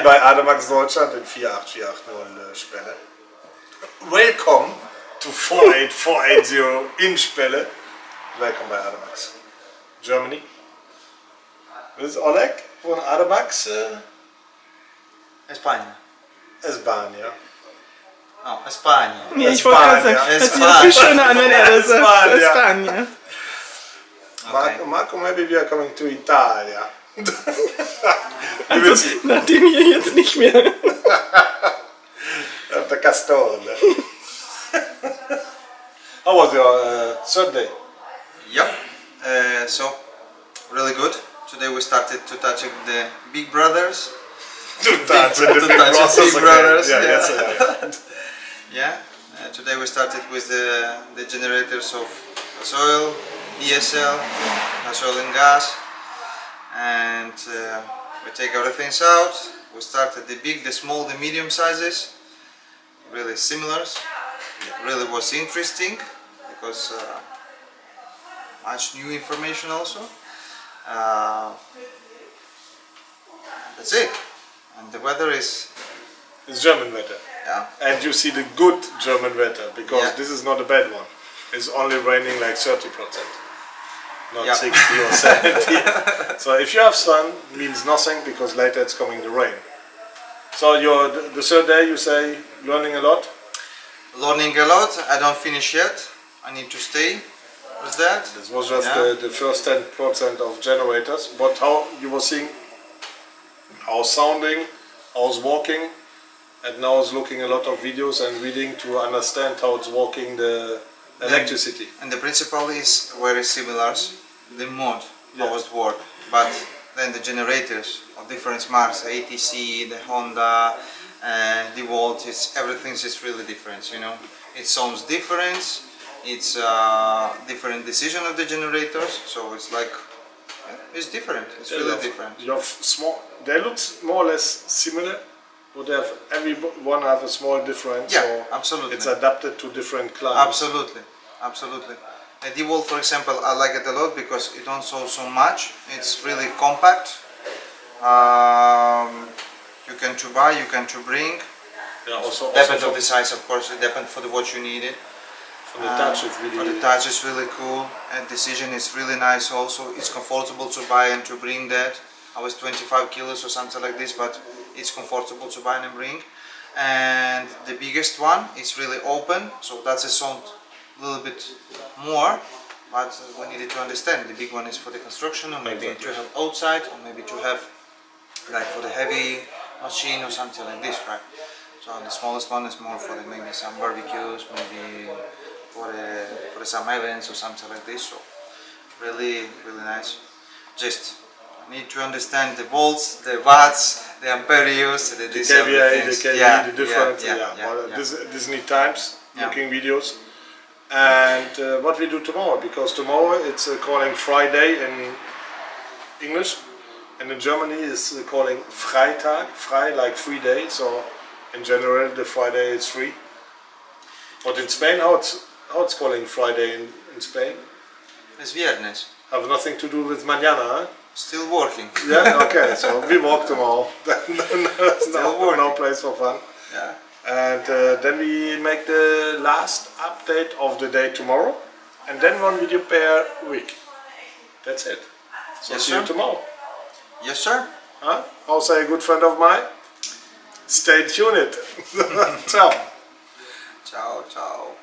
Nein, bei Ademax Deutschland in 48480 äh, Spelle. Welcome to 48480 in Spelle. Welcome bei Ademax. Germany. Das ist Oleg von Ademax. Äh, Spanien. Ah, Spanien. Oh, Spanien. Nee, ich wollte gerade sagen, es sieht viel schöner an, wenn er das sagt. Spanien. Marco, Marco, maybe we are coming to Italia. also, nachdem hier jetzt nicht mehr. At the Castor. How was your uh, day? Yep. Uh, so, really good. Today we started to touch the Big Brothers. to touch the Big, Brothers. Big brothers. Yeah, yeah. yeah. yeah. Uh, today we started with the, the generators of soil, ESL, soil and gas and uh, we take everything out we start at the big the small the medium sizes really similar it really was interesting because uh, much new information also uh, that's it and the weather is it's German weather yeah and you see the good German weather because yeah. this is not a bad one it's only raining like 30 percent not yep. 60 or 70. so if you have sun, means nothing because later it's coming the rain. So your the third day you say learning a lot? Learning a lot. I don't finish yet. I need to stay with that. This was just yeah. the, the, first 10% of generators. But how you were seeing, I was sounding, I was walking, and now I was looking a lot of videos and reading to understand how it's walking the electricity. And the principle is very similar, the mode, yeah. work, but then the generators of different marks, ATC, the Honda, uh, the Volt, it's, everything is really different, you know. It sounds different, it's uh, different decision of the generators, so it's like it's different. It's they really look, different. Look small. They look more or less similar, would have every one have a small difference. Yeah, absolutely. It's adapted to different clients. Absolutely, absolutely. The D-Wall, for example, I like it a lot because it don't sew so much. It's really compact. Um, you can to buy, you can to bring. Yeah, also, also depends on the size, of course. It depends for the what you needed. For the um, touch, it's really. For the touch, it's really cool, and decision is really nice. Also, it's comfortable to buy and to bring that. I was 25 kilos or something like this, but it's comfortable to bind and bring and the biggest one is really open so that's a sound a little bit more but we needed to understand the big one is for the construction or maybe to have outside or maybe to have like for the heavy machine or something like this right so the smallest one is more for the, maybe some barbecues maybe for, the, for some events or something like this so really really nice just need to understand the volts, the watts, the amperios, the, the KVA, the yeah, the different, yeah, yeah, yeah, yeah This, Disney times, looking videos. And uh, what we do tomorrow, because tomorrow it's uh, calling Friday in English, and in Germany it's uh, calling Freitag, frei like free day, so in general the Friday is free. But in Spain, how it's, how it's calling Friday in, in Spain? It's viernes. Have nothing to do with mañana, eh? Still working. yeah, okay, so we walk them all. Still no, no place for fun. Yeah. And uh, then we make the last update of the day tomorrow. And then one video per week. That's it. So yes, see sir. you tomorrow. Yes, sir. Huh? Also a good friend of mine. Stay tuned. ciao. Ciao, ciao.